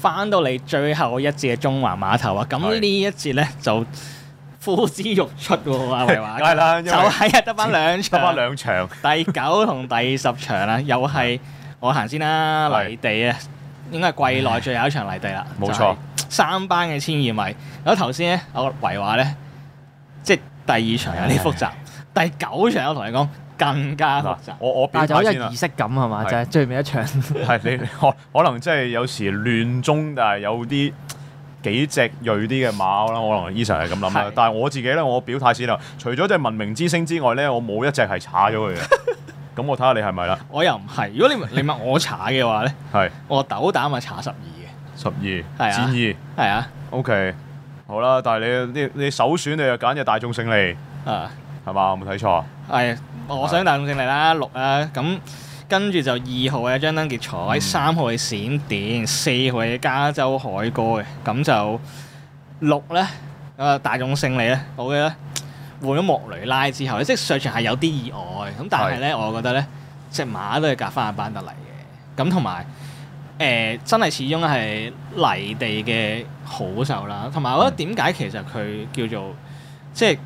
翻到嚟最後一節嘅中環碼頭啊！咁呢一節咧是就呼之欲出喎，啊，阿維華，啦 了，就係啊，得翻兩，得翻兩場。兩場第九同第十場啊， 又係我行先啦，是泥地啊，應該係季內最後一場泥地啦。冇、嗯、錯，三班嘅千二米。咁頭先咧，我維華咧，即、就、係、是、第二場有啲複雜， 第九場我同你講。更加我我表態先啦。一個儀式感係嘛，就係最尾一場。係你可能即係有時亂中，但係有啲幾隻銳啲嘅馬啦。可能 Eason 係咁諗，但係我自己咧，我表態先啦。除咗即係文明之星之外咧，我冇一隻係查咗佢嘅。咁我睇下你係咪啦。我又唔係。如果你你問我查嘅話咧，係我斗膽咪查十二嘅十二，係啊，戰二係啊。OK，好啦，但係你你首選你又揀隻大眾勝利啊。係嘛？我冇睇錯。係、哎，我想大眾勝利啦，六啊，咁跟住就二號嘅張燈結彩，三號嘅閃電，四號嘅加州海歌嘅，咁就六咧，啊大眾勝利咧，我記得換咗莫雷拉之後，即係上場係有啲意外，咁但係咧，是的 我覺得咧，隻馬都係夾翻下班得嚟嘅，咁同埋誒，真係始終係泥地嘅好手啦，同埋我覺得點解其實佢叫做即係誒？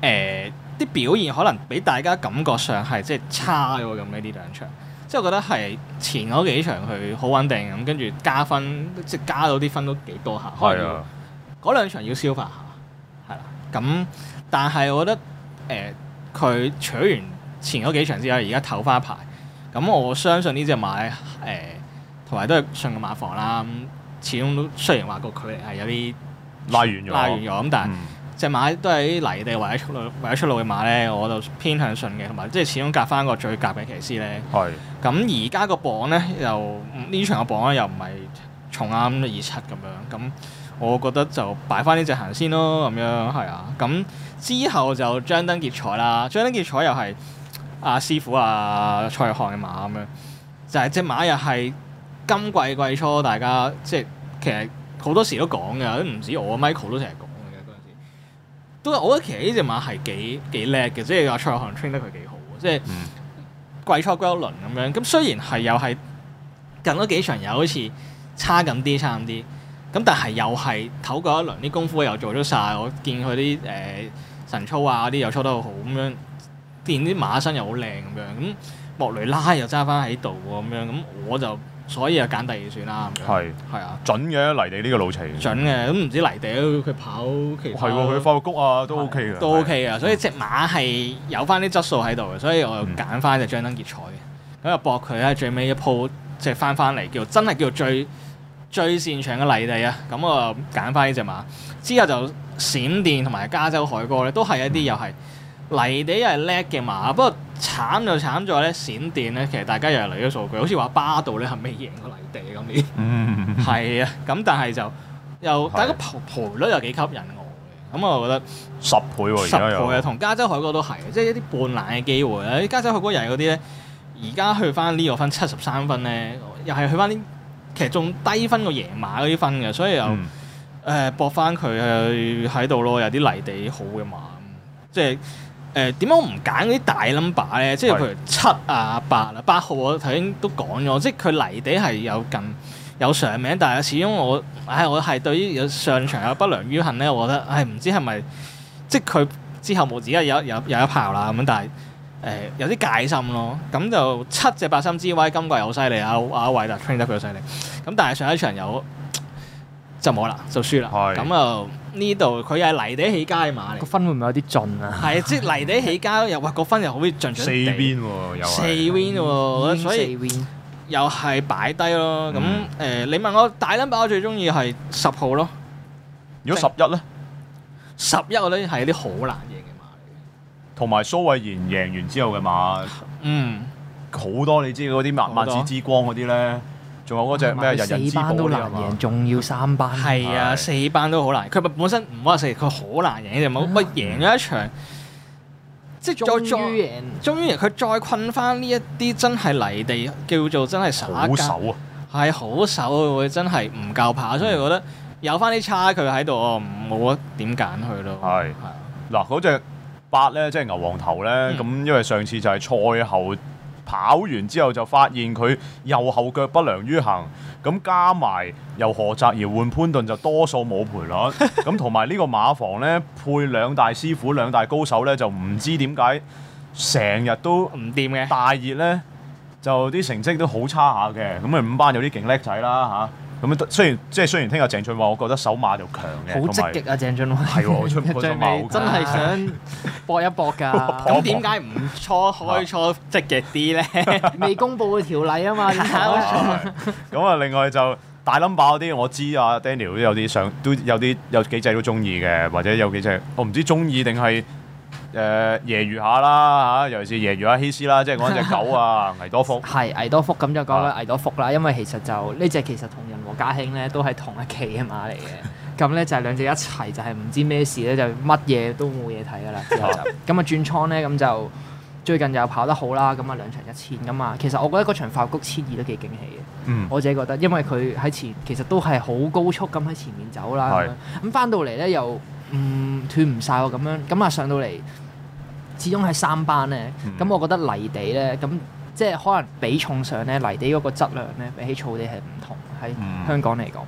呃啲表現可能俾大家感覺上係即係差咗咁呢啲兩場，即係我覺得係前嗰幾場佢好穩定咁，跟住加分即係加到啲分都幾多下，開咗嗰兩場要消化下，係啦、啊。咁但係我覺得誒佢搶完前嗰幾場之後，而家唞翻一排，咁我相信呢隻馬誒同埋都係信個馬房啦。咁始終都雖然話個距離係有啲拉完咗，拉遠咗咁，但係。嗯隻馬都係泥地或者出路、或者出路嘅馬咧，我就偏向順嘅，同埋即係始終夾翻個最夾嘅騎師咧。係。咁而家個磅咧又呢場個磅咧又唔係重啱二七咁樣，咁我覺得就擺翻呢隻行先咯咁樣，係啊。咁之後就張燈結彩啦，張燈結彩又係阿師傅啊蔡約翰嘅馬咁樣，就係、是、隻馬又係今季季初大家即係其實好多時都講㗎，都唔止我，Michael 都成日講。我覺得其實呢隻馬係幾幾叻嘅，即係阿蔡約翰 train 得佢幾好喎。即係季初嗰一輪咁樣，咁雖然係又係近咗幾場又好似差咁啲，差咁啲，咁但係又係唞過一輪啲功夫又做咗晒。我見佢啲誒神操啊啲又操得好好咁樣，見啲馬身又好靚咁樣，咁莫雷拉又揸翻喺度喎咁樣，咁我就。所以就揀第二選啦，係係是啊，準嘅的泥地呢個路程，準嘅咁唔知泥地佢跑其，其實係佢發個谷啊都 OK 嘅，都 OK 嘅，都 OK 對，所以隻馬係有翻啲質素喺度嘅，所以我又揀翻隻張燈結彩嘅，咁就搏佢咧最尾一鋪即係翻翻嚟叫真係叫做最最擅長嘅泥地啊，咁我就揀翻呢隻馬，之後就閃電同埋加州海哥咧都係一啲又係、嗯、泥地又係叻嘅馬不過慘就慘在咧閃電咧，其實大家又係嚟咗數據，好似話巴杜咧係未贏過泥地咁啲，係 啊， 咁但係就又的但係個賠賠率又幾吸引我嘅，咁啊我就覺得十倍喎，十倍啊，同、啊、加州海哥都係即係一啲半冷嘅機會咧，加州海哥人嗰啲咧，而家去翻呢個分七十三分咧，又係去翻啲、這個、其實仲低分過贏馬嗰啲分嘅，所以又誒搏翻佢喺度咯，有啲泥地好嘅馬，即係。誒點解我唔揀嗰啲大 number 咧？即係譬如七啊八啦、啊，八號我頭先都講咗，即係佢泥地係有近有上名，但係始終我唉，我係對於有上場有不良於行咧，我覺得唉唔知係咪即係佢之後冇而家有自己有有，有一炮啦咁樣，但係誒、呃、有啲戒心咯。咁就七隻八心之威，今季好犀利啊！阿偉啦，train 得佢好犀利。咁但係上一場有。就冇啦，就輸啦。咁又呢度佢係泥地起街嘅馬嚟，個分會唔會有啲盡啊？係，即係泥地起街，又話個分又好似盡咗。四邊喎四 w 喎，所以又係擺低咯。咁誒，你問我大粒馬我最中意係十號咯。如果十一咧？十一我咧係一啲好難贏嘅馬嚟嘅。同埋蘇慧然贏完之後嘅馬，嗯，好多你知嗰啲萬萬紫之光嗰啲咧。仲有嗰隻咩人人之寶啊嘛，仲要三班，係啊，四班都好難。佢本、啊、本身唔好話四，佢好難贏嘅，冇乜贏咗一場，嗯、即係再再終於贏，佢再困翻呢一啲真係泥地叫做真係耍手啊，係好手，真係唔夠怕。所以覺得有翻啲差距喺度，我冇得點揀佢咯。係嗱嗰隻八咧，即係牛黃頭咧，咁、嗯、因為上次就係賽後。跑完之後就發現佢右後腳不良於行，咁加埋由何澤而換潘頓就多數冇賠率，咁同埋呢個馬房呢，配兩大師傅、兩大高手呢，就唔知點解成日都唔掂嘅，大熱呢，就啲成績都好差下嘅，咁啊五班有啲勁叻仔啦嚇。啊咁啊，雖然即係雖然聽日鄭俊華，哦、我覺得手馬就強嘅，好積極啊，鄭俊華，係喎，最尾真係想搏一搏㗎。咁點解唔初開初積極啲咧？未 公佈嘅條例啊嘛。咁啊， 另外就大 number 嗰啲，我知啊，Daniel 都有啲想，都有啲有幾隻都中意嘅，或者有幾隻我唔知中意定係。誒夜遇下啦嚇，尤其是夜遇下希斯啦，即係嗰隻狗啊，危 多福。係危 多福咁，就講緊危多福啦，因為其實就呢隻其實同人和家興咧都係同一期嘅馬嚟嘅，咁咧就係兩隻一齊就係唔知咩事咧，就乜嘢都冇嘢睇噶啦。咁啊 轉倉咧，咁就最近又跑得好啦，咁啊兩場一千噶嘛。其實我覺得嗰場發谷千二都幾驚喜嘅， 我自己覺得，因為佢喺前其實都係好高速咁喺前面走啦，咁翻 到嚟咧又。唔、嗯、斷唔晒喎，咁樣咁啊上到嚟，始終係三班咧，咁、嗯、我覺得泥地咧，咁即係可能比重上咧，泥地嗰個質量咧比起草地係唔同，喺香港嚟講，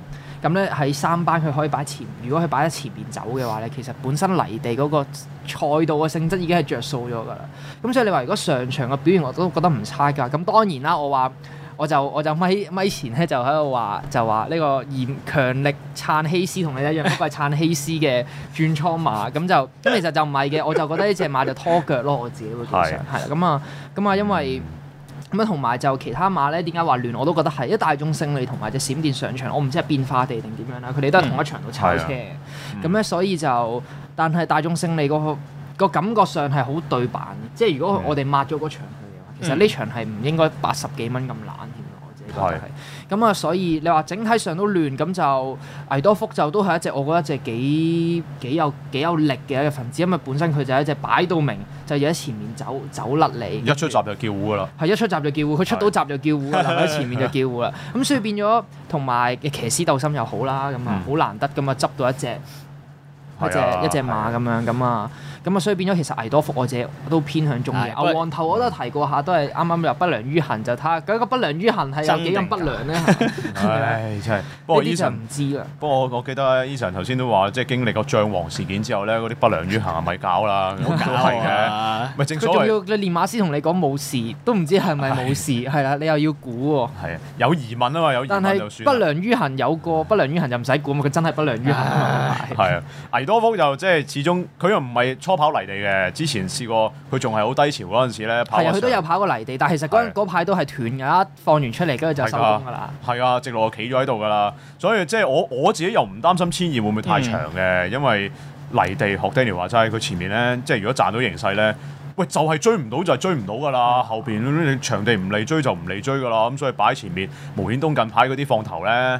咁咧喺三班佢可以擺前，如果佢擺喺前面走嘅話咧，其實本身泥地嗰個賽道嘅性質已經係着數咗㗎啦。咁所以你話如果上場嘅表現我都覺得唔差㗎，咁當然啦，我話。我就我就咪咪前咧就喺度話就話呢個嚴強力撐希斯，同你一樣都係撐希斯嘅轉倉馬，咁就咁其實就唔係嘅，我就覺得呢隻馬就拖腳咯，我自己會覺得係啦，咁啊咁啊，因為咁啊同埋就其他馬咧點解話亂我都覺得係，因為大眾勝利同埋隻閃電上場，我唔知係變化地定點樣啦，佢哋都係同一場度踩車咁咧、嗯、所以就但係大眾勝利個個感覺上係好對版。嗯、即係如果我哋抹咗嗰場。其實呢場係唔應該八十幾蚊咁冷添，我自己覺得係。咁啊是，所以你話整體上都亂，咁就偉多福就都係一隻我覺得一隻幾幾有幾有力嘅一個分子，因為本身佢就係一隻擺到明，就要喺前面走走甩你。一出閘就叫胡㗎啦。係一出閘就叫胡，佢出到閘就叫胡，留喺前面就叫胡啦。咁 所以變咗同埋騎師鬥心又好啦，咁啊好難得咁啊執到一隻。一隻一隻馬咁樣咁啊，咁啊，所以變咗其實危多福我隻都偏向中意。牛黃頭我都提過下，都係啱啱又不良於行就睇下，咁個不良於行係有幾咁不良咧？唉，真係。不過 Eason 唔知啊。不過我記得 Eason 頭先都話，即係經歷個將王事件之後咧，嗰啲不良於行係咪搞啦，都係嘅。咪正所謂仲要你練馬師同你講冇事，都唔知係咪冇事，係啦，你又要估喎。係啊，有疑問啊嘛，有疑問就算。不良於行有過，不良於行就唔使估，佢真係不良於行。係啊，初峯就即係始終佢又唔係初跑泥地嘅，之前試過佢仲係好低潮嗰陣時咧，的跑佢都有跑過泥地，但係其實嗰排都係斷噶的放完出嚟跟住就收工噶啦。係啊，直落我企咗喺度噶啦，所以即係我我自己又唔擔心千二會唔會太長嘅，嗯、因為泥地學 Daniel 話齋，佢前面咧即係如果賺到形勢咧，喂就係、是、追唔到就係追唔到噶啦，後邊你場地唔嚟追就唔嚟追噶啦，咁所以擺喺前面，巫顯東近排嗰啲放頭咧，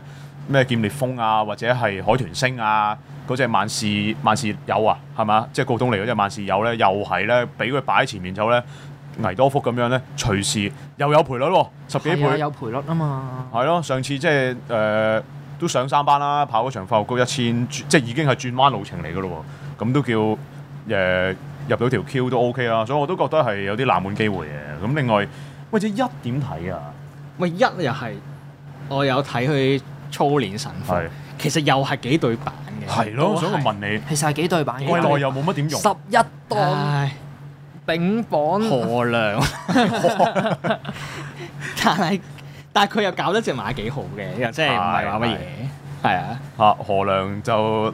咩劍烈風啊或者係海豚星啊。嗰隻萬事萬事有啊，係嘛？即係告東嚟嘅，即係萬事有咧，又係咧，俾佢擺喺前面走咧，尼多福咁樣咧，隨時又有賠率喎，十幾倍、啊、有賠率啊嘛。係咯，上次即係誒都上三班啦，跑嗰場發佈高一千，即係已經係轉彎路程嚟嘅咯喎，咁都叫誒、呃、入到條 Q 都 OK 啊，所以我都覺得係有啲冷門機會嘅。咁另外喂，即係一點睇啊，喂一又係我有睇佢操練神佛，是其實又係幾對白。係咯，我想去問你。其實係幾對版嘅？貴內又冇乜點用。十一檔丙榜何良，但係但係佢又搞得隻馬幾好嘅，又即係唔係話乜嘢？係啊。嚇何良就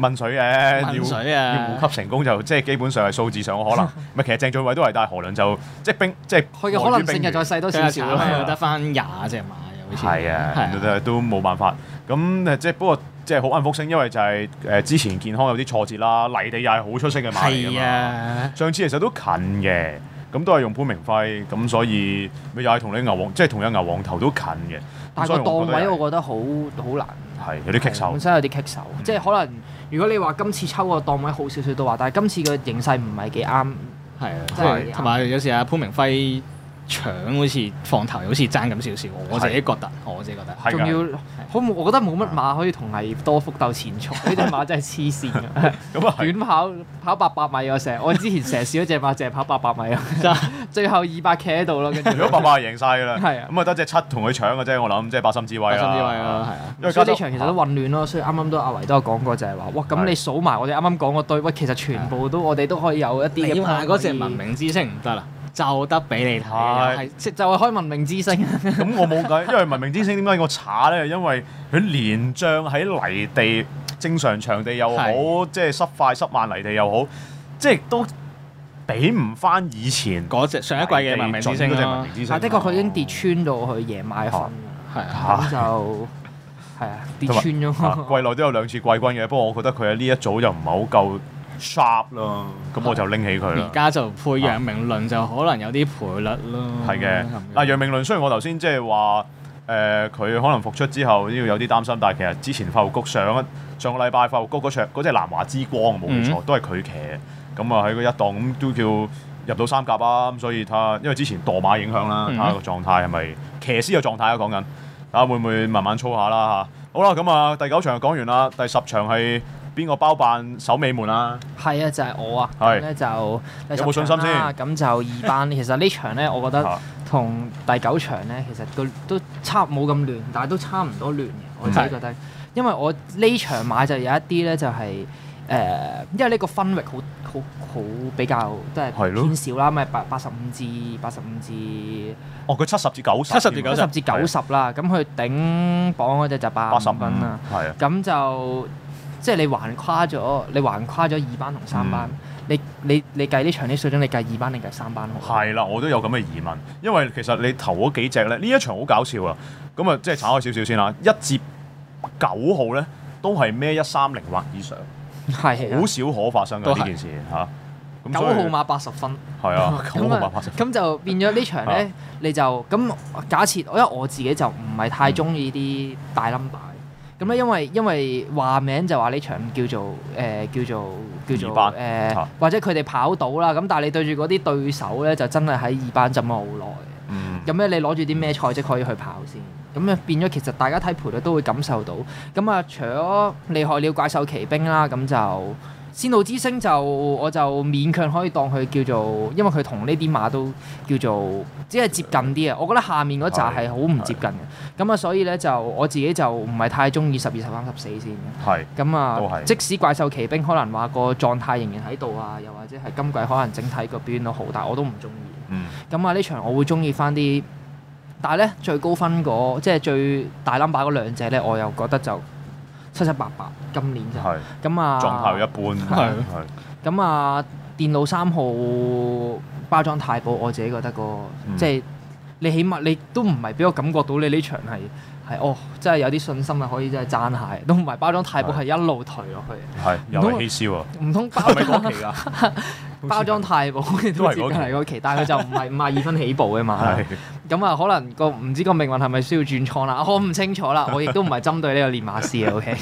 掹水嘅，要要補級成功就即係基本上係數字上嘅可能。唔其實鄭俊偉都係，但何良就即係兵即係佢嘅可能性又再細多少少咯，得翻廿隻馬嘅好似。係啊，都冇辦法。咁誒即係不過。即係好安福星，因為就係誒之前健康有啲挫折啦，泥地又係好出色嘅馬是、啊、上次其實都近嘅，咁都係用潘明輝，咁所以咪又係同你牛王，即係同嘅牛王頭都近嘅。但係個檔位我，我覺得好好難。係有啲棘手，本身有啲棘手，嗯、即係可能如果你話今次抽個檔位好少少都話，但係今次嘅形勢唔係幾啱。係是啊，即係同埋有時阿潘明輝。搶好似放頭，又好似爭咁少少。我自己覺得，我自己覺得。仲是的 要好，我覺得冇乜馬可以同黎多福鬥前鋒。呢隻 馬真係黐線㗎。短 也跑跑八百米我，我成日我之前成日試過嗰隻馬，淨係跑八百米啊，最後二百企喺度咯。跟住、就是、如果八百贏晒㗎啦，咁啊得隻七同佢搶嘅啫。我諗即係八心之位、啊，八心之位。咯，係啊。因為嗰啲場其實都混亂咯，所以啱啱都阿維都有講過，就係、是、話哇，咁你數埋我哋啱啱講嗰堆，喂，其實全部都是的 我哋都可以有一啲。數埋嗰隻文明之星唔得啦。嗯就得俾你睇是，就係開文明之星。咁我冇計， 因為文明之星點解我查咧？因為佢連仗喺泥地，正常場地又好，即係濕快濕慢泥地又好，即、就、係、是、都比唔翻以前嗰隻上一季嘅文明之星、啊。文明之星啊，啊，的確佢已經跌穿到去夜買分，咁就係啊跌穿咗、啊。季內都有兩次季軍嘅，不過我覺得佢喺呢一組就唔係好夠。shop 咯，咁我就拎起佢。而家就配楊明倫、啊、就可能有啲賠率咯。係嘅的，嗱、嗯、楊明倫雖然我頭先即係話，誒、呃、佢可能復出之後要有啲擔心，但係其實之前發育谷上一上個禮拜發育谷嗰場嗰隻南華之光冇、嗯、錯都係佢騎，咁啊喺個一檔咁都叫入到三甲啊，咁所以睇，因為之前墮馬影響啦，睇下個狀態係咪騎師嘅狀態啊講緊，睇下會唔會慢慢操下啦嚇、啊。好啦，咁啊第九場講完啦，第十場係。邊個包辦首尾門啊？係啊，就係我啊。係咧，就有冇信心先？咁就二班，其實呢場咧，我覺得同第九場咧，其實個都差冇咁亂，但係都差唔多亂嘅。我自己覺得，因為我呢場買就有一啲咧，就係誒，因為呢個分域好好好比較即係偏少啦，咪八八十五至八十五至哦，佢七十至九十，七十至九十十至九啦，咁佢頂榜嗰隻就八十五分啦。係啊，咁就。即係你橫跨咗，你橫跨咗二班同三班，嗯、你你你計呢場啲水準，你計二班定計三班咯？係啦，我都有咁嘅疑問，因為其實你投嗰幾隻咧，呢一場好搞笑啊！咁啊，即係炒開少少先啦，一至九號咧都係咩一三零或以上，係好的少可發生嘅呢件事嚇。九是、啊、號碼八十分，係啊，九號碼八十分，咁 就變咗呢場咧， 你就咁假設，我因為我自己就唔係太中意啲大冧巴咁咧，因為因為話名就話呢場叫做誒、呃、叫做叫做誒，呃、二班或者佢哋跑到啦，咁但係你對住嗰啲對手咧，就真係喺二班浸咗好耐咁咧，嗯、你攞住啲咩賽績可以去跑先？咁啊變咗，其實大家睇賠率都會感受到。咁啊，除咗厲害了怪獸奇兵啦，咁就～先導之星就我就勉強可以當佢叫做，因為佢同呢啲馬都叫做只係接近啲啊。我覺得下面嗰扎係好唔接近嘅，咁啊，所以咧就我自己就唔係太中意十二、十三、十四先嘅。咁係啊，係即使怪獸奇兵可能話個狀態仍然喺度啊，又或者係今季可能整體個表現都好，但我都唔中意。嗯。咁啊，呢場我會中意翻啲，但係咧最高分嗰即係最大 number 嗰兩隻咧，我又覺得就。七七八八，今年就咁啊，狀態是那一般，係係是。咁啊，電腦三號包裝太保，我自己覺得個，嗯、即係你起碼你都唔係俾我感覺到你呢場係係哦，真係有啲信心啊，可以真係爭下。同埋包裝太保係是一路推落去，係又係氣消啊，唔通包裝嗰期㗎？ 是 好包裝太薄，都係講緊係嗰期，但係佢就唔係五十二分起步嘅嘛。咁啊、嗯嗯嗯，可能個唔知個命運係咪需要轉倉啦？我唔清楚啦，我亦都唔係針對呢個練馬師嘅。O K，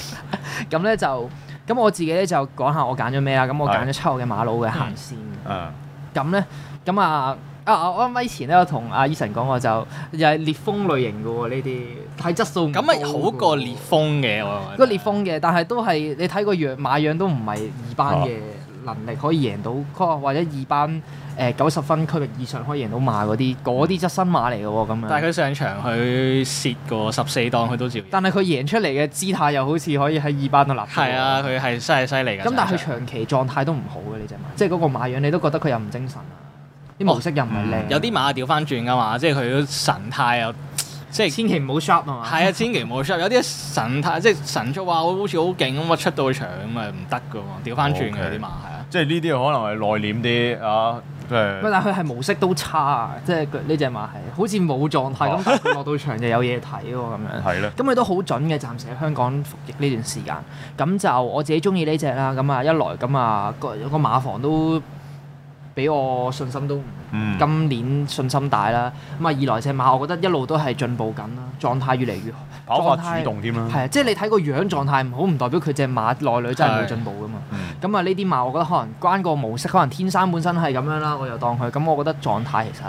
咁咧就咁我自己咧就講下我揀咗咩啦。咁我揀咗七號嘅馬路嘅行先、嗯嗯呢。啊，咁咧，咁啊啊，我啱啱以前咧有同阿 Eason 講過，就又係烈風類型嘅喎呢啲，睇質素。咁咪好過烈風嘅，個烈風嘅，但係都係你睇個樣馬樣都唔係二班嘅。能力可以贏到哥或者二班，誒九十分區域以上可以贏到馬嗰啲，嗰啲則新馬嚟嘅喎，咁樣。但係佢上場佢蝕過十四檔，佢、嗯、都照。但係佢贏出嚟嘅姿態又好似可以喺二班度立。係啊，佢係真係犀利嘅。咁但係佢長期狀態都唔好嘅，呢隻馬。即係嗰個馬樣，你都覺得佢又唔精神啊，啲、哦、毛色又唔係靚。有啲馬掉翻轉㗎嘛？即係佢神態又。即係千祈唔好 shop 啊嘛！係啊，千祈唔好 shop。有啲神態，即係神速啊，好似好勁咁，啊，出到場咁啊唔得㗎喎，調翻轉佢啲馬係、嗯、啊！即係呢啲可能係內斂啲啊，誒。咁但佢係模式都差啊，即係呢隻馬係好似冇狀態咁，哦、 但落到場就有嘢睇喎咁樣。係咯。咁佢都好準嘅，暫時喺香港服役呢段時間。咁就我自己中意呢隻啦。咁啊一來咁啊個個馬房都。俾我信心都，嗯、今年信心大啦。咁啊，二來隻馬，我覺得一路都係進步緊啦，狀態越嚟越好。跑個主動添啦。係啊，即係你睇個樣狀態唔好，唔、就是、代表佢隻馬內裏真係冇進步噶嘛。咁啊，呢啲馬我覺得可能關個模式，可能天生本身係咁樣啦。我又當佢咁，我覺得狀態其實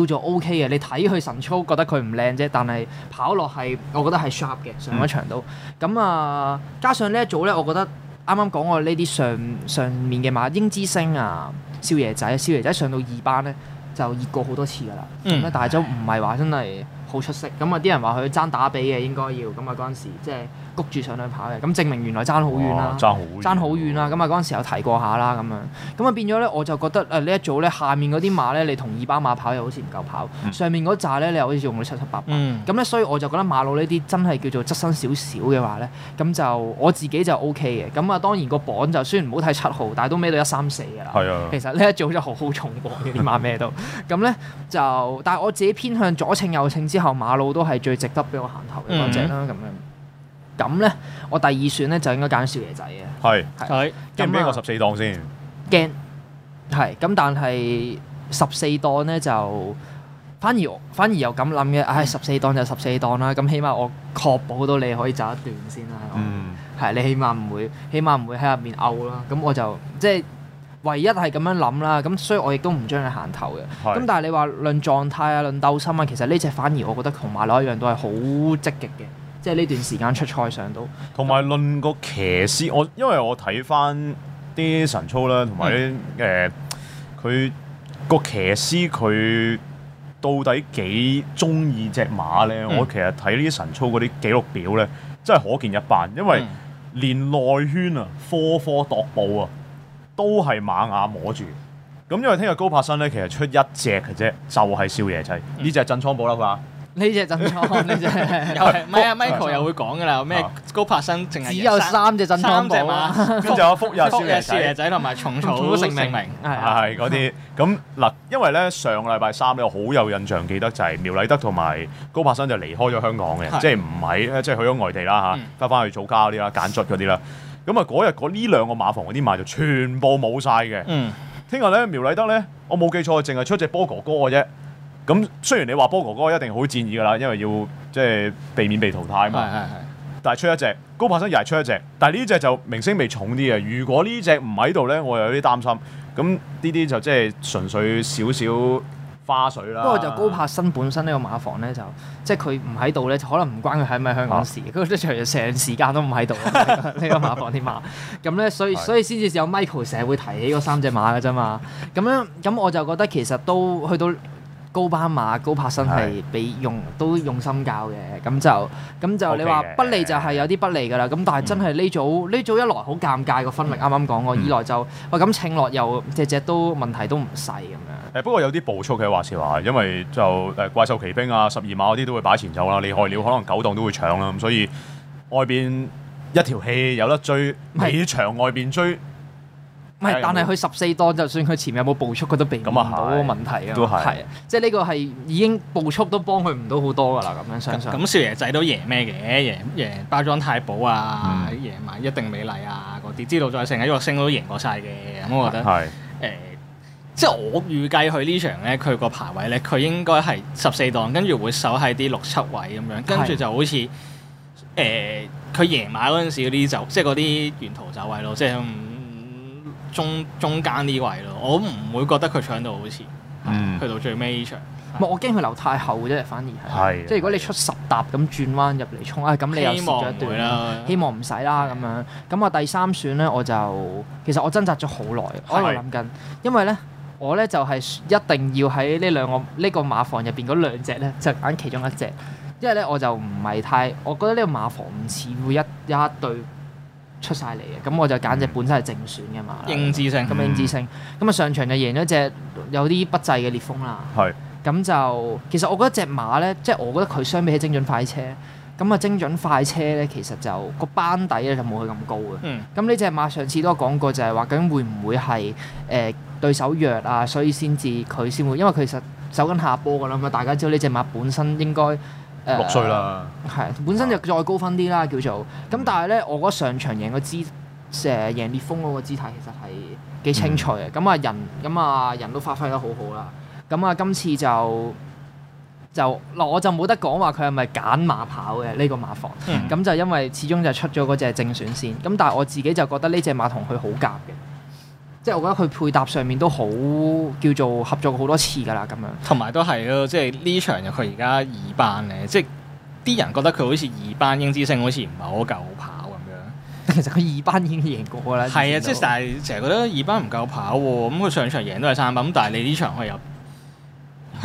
係叫做 O K 嘅。你睇佢神操覺得佢唔靚啫，但係跑落係我覺得係 sharp 嘅，上一場都咁啊、嗯嗯。加上呢一組咧，我覺得啱啱講過呢啲上上面嘅馬，英之星啊。宵夜仔，宵夜仔上到二班咧，就熱過好多次噶啦。咁咧，但係都唔係話真係。好出色咁啊！啲人話佢爭打比嘅，應該要咁啊，嗰陣時即係谷住上去跑嘅，咁證明原來爭好遠啦，爭好、啊、遠啦，咁啊嗰陣時有提過下啦咁樣，咁啊變咗咧，我就覺得誒呢一組咧下面嗰啲馬咧，你同二班馬跑又好似唔夠跑，嗯、上面嗰扎咧你又好似用咗七七八八，咁咧、嗯、所以我就覺得馬路呢啲真係叫做側身少少嘅話咧，咁就我自己就 O K 嘅，咁啊當然個磅就雖然唔好睇七號，但係都孭到一三四㗎啦，啊、其實呢一組就好好重磅嘅啲馬咩都，咁咧 就但係我自己偏向左稱右稱之後。靠馬路都係最值得俾我行頭嘅嗰隻啦，咁、嗯、樣咁咧，我第二選咧就應該揀少爺仔嘅，係係驚唔驚我十四檔先、啊？驚係咁，但係十四檔咧就反而反而又咁諗嘅，唉，十、哎、四檔就十四檔啦，咁起碼我確保到你可以走一段先啦，嗯，係你起碼唔會起碼唔會喺入面嘔啦，咁我就即係。唯一係咁樣諗啦，咁所以我亦都唔將佢行頭嘅。咁是但係你話論狀態啊，論鬥心啊，其實呢隻反而我覺得同馬六一樣都係好積極嘅，即係呢段時間出賽上到。同埋論個騎師，我因為我睇翻啲神操啦，同埋誒佢個騎師佢到底幾中意隻馬咧？嗯、我其實睇呢啲神操嗰啲記錄表咧，真係可見一斑，因為連內圈啊，科科踱步啊。都係馬眼摸住，咁因為聽日高柏生咧，其實出一隻嘅啫，就係少爺仔，呢隻係震倉寶啦啩，呢隻震倉，呢隻又唔係啊，Michael 又會講噶啦，咩高柏生淨係只，只有三隻震倉寶啊，跟住有福又少爺仔同埋重草成名，係係嗰啲，咁嗱、啊啊，因為咧上個禮拜三咧，我好有印象記得就係苗禮德同埋高柏生就離開咗香港嘅，即係唔係，即係去咗外地啦嚇，翻、啊、翻去祖家啲啦，嗯、揀卒嗰啲啦。咁啊！嗰日嗰呢兩個馬房嗰啲馬就全部冇晒嘅。嗯。聽日咧苗禮德咧，我冇記錯，淨係出一隻波哥哥嘅啫。咁雖然你話波哥哥一定好戰意㗎啦，因為要即係、就是、避免被淘汰啊嘛。係係係係。但係出一隻高柏生又係出一隻，但係呢隻就明星味重啲啊！如果呢隻唔喺度咧，我又有啲擔心。咁呢啲就即係純粹少少。嗯花水啦，不過就高柏新本身呢個馬房咧，就即係佢唔喺度咧，就可能唔關佢喺唔喺香港事，佢就成成時間都唔喺度，呢個馬房啲馬，咁咧，所以是的 所以先至有 Michael 成日會提起嗰三隻馬嘅啫嘛，咁樣咁我就覺得其實都去到。高班馬、高柏森係俾用都用心教嘅，咁就咁就你話不利就係有啲不利㗎喇。咁、okay、的但係真係呢組呢、嗯、組一來好尷尬個分力，啱啱講過，二、嗯、來就哇咁稱落又隻隻都問題都唔細咁樣。誒、嗯、不過有啲步速嘅話是話，因為就誒怪獸奇兵啊、十二碼嗰啲都會擺前走啦，厲害了，可能九檔都會搶啦，咁、嗯、所以外邊一條氣有得追，喺不是 場外邊追。但係佢十四檔，就算佢前面有冇步速，佢都避唔到問題嘅。都係，即係呢個係已經步速都幫佢唔到好多噶啦。咁樣相信。咁少爺仔都贏咩嘅？贏贏包裝太保啊，嗯、贏埋一定美麗啊嗰啲，知道再勝，喺個星都贏過晒嘅。咁、哦、我覺得係是、呃、即係我預計佢呢場咧，佢個排位咧，佢應該係十四檔，跟住會守喺啲六七位咁樣，跟住就好似誒，佢是、呃、贏馬嗰陣時嗰啲就即係嗰啲沿途走位咯，即係。中中間呢位咯，我唔會覺得佢搶到好似，去、嗯、到最尾呢場。唔係，我驚佢留太厚啫，反而係。係。即係如果你出十搭，咁轉彎入嚟衝，希望啊咁你又蝕咗一段，希望唔使啦，咁係樣。咁啊第三選呢，我就其實我掙扎咗好耐喺度諗緊，因為呢，我呢就係、係、一定要喺呢兩個呢、呢個馬房入邊嗰兩隻咧就揀其中一隻，因為呢，我就唔係太，我覺得呢個馬房唔似會一一,一,一對。出晒嚟嘅，咁我就揀隻本身係正選嘅嘛。英智勝，咁英智勝，咁啊上場就贏咗隻有啲不濟嘅烈風啦。係是，咁就其實我覺得隻馬咧，即係我覺得佢相比起精準快車，咁啊精準快車咧，其實就個班底咧就冇佢咁高嘅。嗯，咁呢隻馬上次都講過，就係話究竟會唔會係誒、呃、對手弱啊，所以先至佢先會，因為其實走緊下波噶啦，咁大家知道呢隻馬本身應該。六歲啦、呃，係本身就再高分啲啦，叫做咁。但係咧，我覺得上場贏個姿，誒贏烈風嗰個姿態其實係幾清脆嘅。咁啊、嗯、人，咁啊人都發揮得好好啦。咁啊今次就就嗱，我就冇得講話佢係咪揀馬跑嘅呢、呢個馬房，咁就、嗯、因為始終就出咗嗰隻正選先。咁但係我自己就覺得呢隻馬同佢好夾嘅。即係我覺得佢配搭上面都好叫做合作過好多次㗎啦，咁樣。同埋都係咯，即係呢場又佢而家二班咧，即係啲人覺得佢好似二班英之星，好似唔係好夠跑咁樣。 其實佢二班已經贏過啦，係啊的，聽到 即係成日成日覺得二班唔夠跑喎，咁佢上場贏都係三班，咁但係你呢場可以有。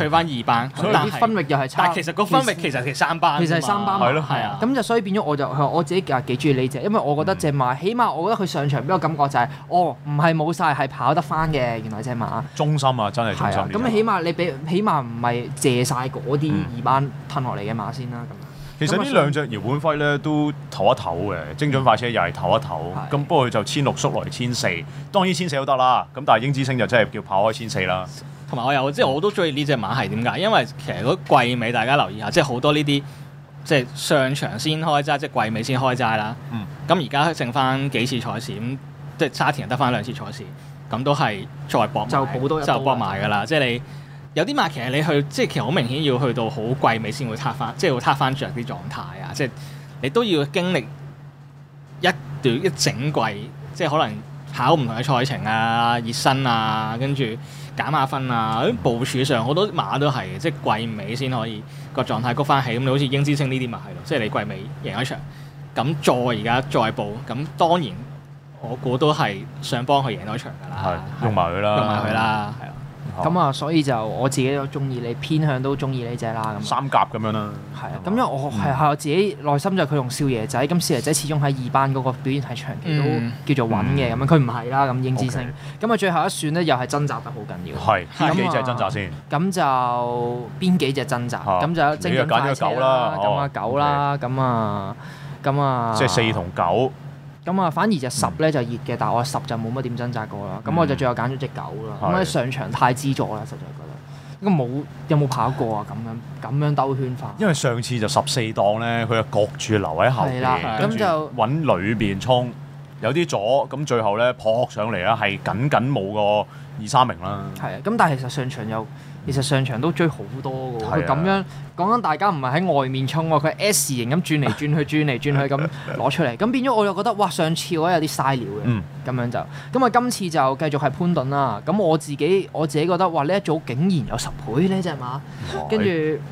佢翻二班，咁又係差，但，但其實個分域其實係三班，其實係三班，係咯，係啊，咁就所以變咗我就我自己又幾中意呢隻，因為我覺得隻馬、嗯、起碼我覺得佢上場俾我感覺就係、是，哦，唔係冇晒，係跑得翻嘅，原來隻馬忠心啊，真係忠心。咁起碼你俾起碼唔係借晒嗰啲二班吞落嚟嘅馬先啦。咁、嗯、其實呢兩隻姚本輝咧都唞一唞嘅，精準快車又係唞一唞。咁、嗯、不過就千六縮落嚟，千四，當然千四都得啦。咁但係英之星就真係叫跑開千四啦。同埋我有即係，我都中意呢隻馬，係點解？因為其實嗰季尾大家留意下，即係好多呢啲即係上場先開齋，即係季尾先開齋啦。嗯。咁而家剩翻幾次賽事，咁即係沙田得翻兩次賽事，咁都係再搏就搏埋噶啦。即係你有啲馬，其實你去即係其實好明顯，要去到好季尾先會撻翻，即係會撻翻着啲狀態啊。即係你都要經歷一段一整季，即係可能考唔同嘅賽程啊、熱身啊，跟住。減下分啊！部署上好多馬都係，即係季尾先可以個狀態高翻起。咁你好似英之星呢啲咪係咯，即係你季尾贏一場，咁再而家再報，咁當然我估都係想幫佢贏多場㗎啦，是是用埋佢啦，用埋佢啦。咁啊，所以就我自己都中意你，偏向都中意呢隻啦。三甲咁樣啦。係啊，咁因為我係係我自己內心就佢同少爺仔，咁少爺仔始終喺二班嗰個表現係長期都叫做穩嘅咁樣，佢唔係啦咁英之星。咁啊，最後一選咧又係爭扎得好緊要。係邊幾隻爭扎先？咁就邊幾隻爭扎？咁就有精警快車啦，咁啊九啦，咁啊咁啊。即係四同九。咁啊，反而就十咧就熱嘅，嗯、但係我十就冇乜點掙扎過啦。咁、嗯、我就最後揀咗隻九啦。咁啊上場太資助啦，實在覺得。咁冇有冇跑過啊？咁樣咁樣兜圈法。因為上次就十四檔咧，佢啊焗住留喺後邊，跟住揾裏邊衝，有啲左，咁最後咧撲上嚟啦，係僅僅冇個，二三名啦、嗯，係啊，咁但係其實上場又，其實上場都追好多㗎喎。佢咁是的 樣講緊大家唔係喺外面衝喎，佢 S 型咁轉嚟轉去，轉嚟轉去咁攞出嚟，咁變咗我又覺得哇，上次我有啲嘥料嘅，咁、嗯、樣就，咁啊今次就繼續係潘頓啦。咁我自己我自己覺得哇，呢一組竟然有十倍呢隻馬，跟住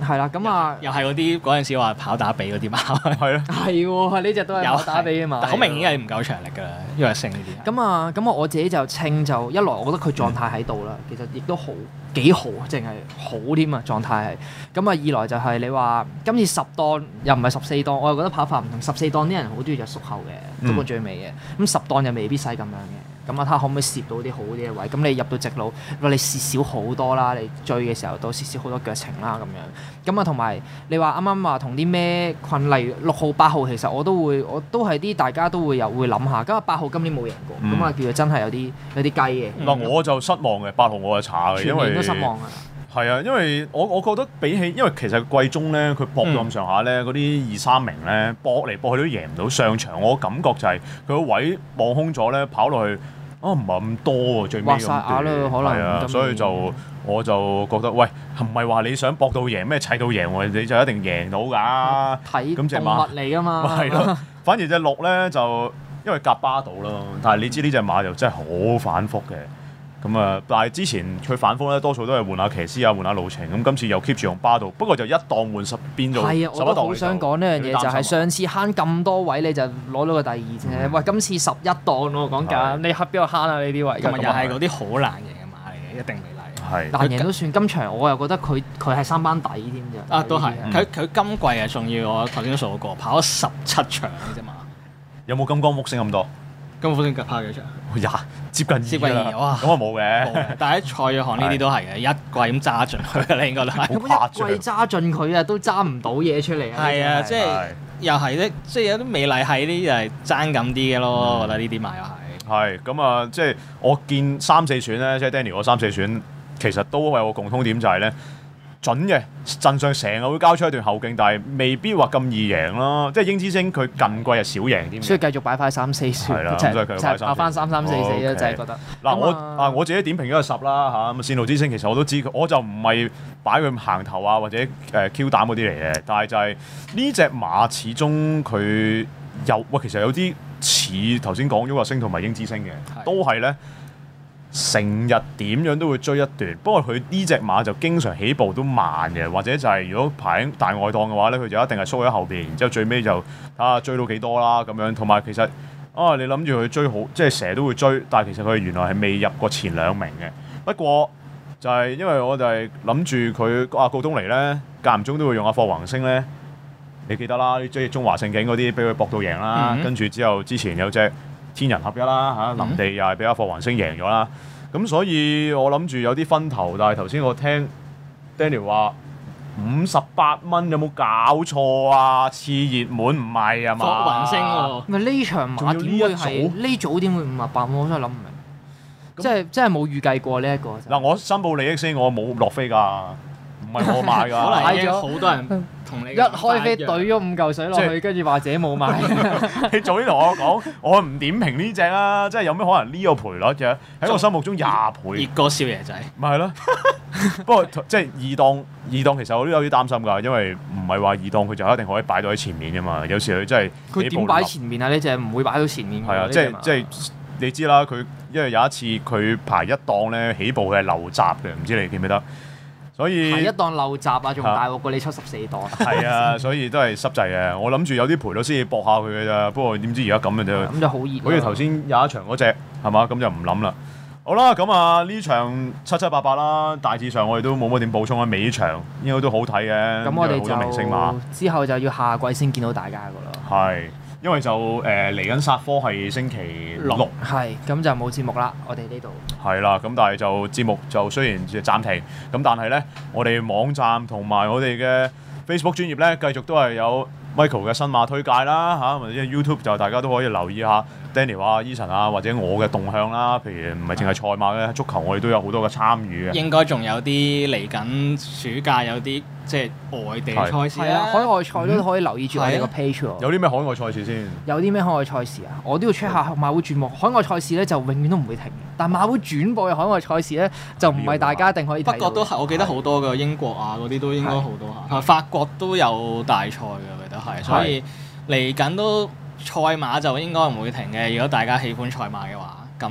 係啦，咁啊，又係嗰啲嗰陣時話跑打比嗰啲馬，係咯，係喎，呢隻都係跑打比啊嘛。好 明顯係唔夠場力㗎，因為勝啲。咁啊、 嗯，咁我我自己就稱就一來我覺得佢撞。太喺度啦，其實亦都好幾好，淨係好添啊！狀態係咁啊，二來就係、係、你話今次十檔又唔係十四檔，我又覺得跑法唔同。十四檔啲人好中意就熟後嘅，到個最尾嘅，咁十、嗯、檔又未必使咁樣嘅。咁啊，睇下可唔可以攝到啲好啲嘅位。咁你入到直路，嗱你蝕少好多啦。你追嘅時候都蝕少好多腳程啦，咁樣。咁啊，同埋你話啱啱話同啲咩困例六號八號，號其實我都會，我都係啲大家都會有會諗下。咁啊，八號今年冇贏過，咁啊、嗯，叫做真係有啲有啲雞嘅。嗱、嗯，我就失望嘅，八號我就查嘅，因為都失望啊。係啊，因為我我覺得比起因為其實季中咧，佢搏咁上下咧，嗰啲、嗯、二三名咧，搏嚟搏去都贏唔到。上場我感覺就係佢個位望空咗咧，跑落去。哦，唔係咁多喎，最尾咁短，係啊，對可能所以就我就覺得，喂，唔係話你想搏到贏咩，砌到贏你就一定贏到㗎。睇動物嚟㗎的嘛的，係咯。反而隻鹿咧就因為夾巴到咯，但係你知呢隻馬就真係好反覆嘅。咁啊！但係之前佢反風咧，多數都係換下騎師啊，換下路程。咁今次又 keep 住用巴度，不過就一檔換十邊度。係啊，我好想講呢樣嘢就係上次慳咁多位，你就攞到個第二啫。喂，今次十一檔咯，講緊你喺邊度慳啊呢啲位？同埋又係嗰啲好難贏嘅馬嚟嘅，一定未嚟。難贏都算，今場我又覺得佢佢係三班底添㗎。啊，都係佢佢今季係仲要我頭先數過，跑咗十七場呢隻馬。有冇金光木星咁多？金光木星嘅跑幾場？廿。接近二接近二，哇、啊！咁啊冇嘅，但係蔡玉航呢啲都係嘅，的一季咁揸進佢，你應該都好誇怕張，一季揸進佢啊，都揸唔到嘢出嚟。係啊的，即係、就是、的又係咧，即、就、係、是、有啲美麗喺啲，就係爭緊啲嘅咯。我覺得呢啲賣又係係咁啊！即係、呃就是、我見三四選咧，即、就、係、是、Daniel 嗰三四選，其實都係個共通點就係、是、咧。準嘅，陣上成日會交出一段後勁，但係未必話咁易贏咯。即係英之星佢近季係少贏啲。所以繼續擺翻三四線，係啦，翻三三四四咯，就係是覺得。嗱啦、嗯、我啊我自己點評咗個十啦嚇、啊，線路之星其實我都知，我就唔係擺佢行頭啊或者誒翹、呃、膽嗰啲嚟嘅，但係就係呢隻馬始終佢有喂，其實有啲似頭先講咗個星同埋英之星嘅，都係咧。成日點樣都會追一段，不過佢呢隻馬就經常起步都慢嘅，或者就係如果排喺大外檔嘅話咧，佢就一定係縮喺後邊，然之後最尾就睇下追到幾多啦咁樣，同埋其實啊你諗住佢追好，即係成日都會追，但係其實佢原來係未入過前兩名嘅。不過就係因為我就係諗住佢阿告東尼咧間唔中都會用阿霍宏星咧，你記得啦，即係中華盛景嗰啲俾佢搏到贏啦，跟住、mm hmm。之後之前有隻。天人合一啦嚇，林地又係畀阿霍雲星贏咗啦，咁、嗯、所以我諗住有啲分頭，但係頭先我聽 Daniel 話五十八蚊，有冇搞錯啊？次熱門唔係啊嘛？霍雲星喎，呢場馬點會呢組點會五十八？我真係諗唔明，那即係即係冇預計過呢一個、就是。嗱，我申報利益先，我冇落飛㗎。唔係我買㗎，可能買咗好多人同你一開飛，懟咗五嚿水落去，跟住話自己冇買。你早啲同我講，我唔點評呢隻啦，即係有咩可能呢個賠率嘅？喺我心目中廿倍。熱過少爺仔。咪係咯。不過即係二檔，二檔其實我都有啲擔心㗎，因為唔係話二檔佢就一定可以擺到喺前面㗎嘛。有時佢真係佢點擺前面啊？呢隻唔會擺到前面。係啊，即係即係，你知啦。佢因為有一次佢排一檔咧，起步佢係流閘嘅，唔知你記唔記得？所以一檔漏閘啊，仲大鑊過你七十四檔。係啊， 所以都係濕滯嘅。我諗住有啲賠率先搏下佢嘅咋。不過點知而家咁嘅啫。咁就好熱。好似頭先有一場嗰隻係咪？咁就唔諗啦。好啦，咁啊呢場七七八八啦，大致上我哋都冇乜點補充啊。尾場應該都好睇嘅。咁我哋就明星之後就要下季先見到大家噶啦。係。因為就誒嚟緊殺科係星期六，係咁就冇節目啦。我哋呢度係啦，咁但係就節目就雖然暫停，咁但係咧，我哋網站同埋我哋嘅 Facebook 專頁咧，繼續都係有 Michael 嘅新馬推介啦，吓，或者 YouTube 就大家都可以留意下。Daniel 啊、Eason 啊，或者我嘅動向啦，譬如唔係淨係賽馬咧，足球我哋都有好多嘅參與嘅。應該仲有啲嚟緊暑假有啲即係外地賽事啊，海外賽都可以留意住我哋個 page 有啲咩海外賽事先？有啲咩海外賽事啊？我都要 check 下馬會轉播海外賽事咧，就永遠都唔會停，但馬會轉播嘅海外賽事咧，就唔係大家一定可以。不過都係，我記得好多嘅英國啊嗰啲都應該好多下。法國都有大賽嘅，我記得係，所以嚟緊都。賽馬就應該唔會停嘅，如果大家喜歡賽馬嘅話，咁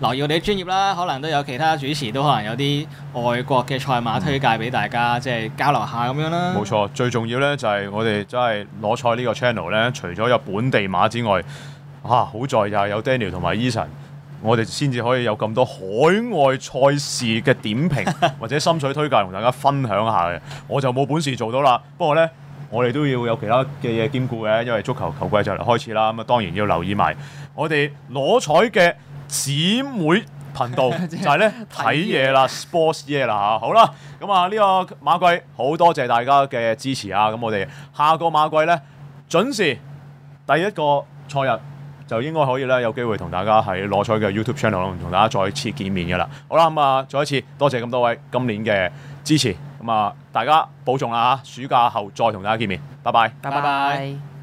留意我哋專業啦，可能都有其他主持都可能有啲外國嘅賽馬推介俾大家，嗯、即係交流下咁樣啦。冇錯，最重要呢就係我哋真係攞賽呢個 channel 呢，除咗有本地馬之外，啊好在就係有 Daniel 同埋 Eason 我哋先至可以有咁多海外賽事嘅點評 或者心水推介同大家分享下嘅，我就冇本事做到啦。不過呢。我哋都要有其他嘅嘢兼顧嘅，因為足球球季就嚟開始啦，咁啊當然要留意埋我哋攞彩嘅姊妹頻道 就係咧睇嘢啦，Sports 嘢啦嚇。好啦，咁啊呢個馬季好多謝大家嘅支持啊！咁我哋下個馬季咧，準時第一個賽日就應該可以咧有機會同大家喺攞彩嘅 YouTube channel 同大家再次見面㗎啦。好啦，咁啊再一次多謝咁多位今年嘅支持。咁啊，大家保重啦吓！暑假後再同大家見面，拜拜。拜拜。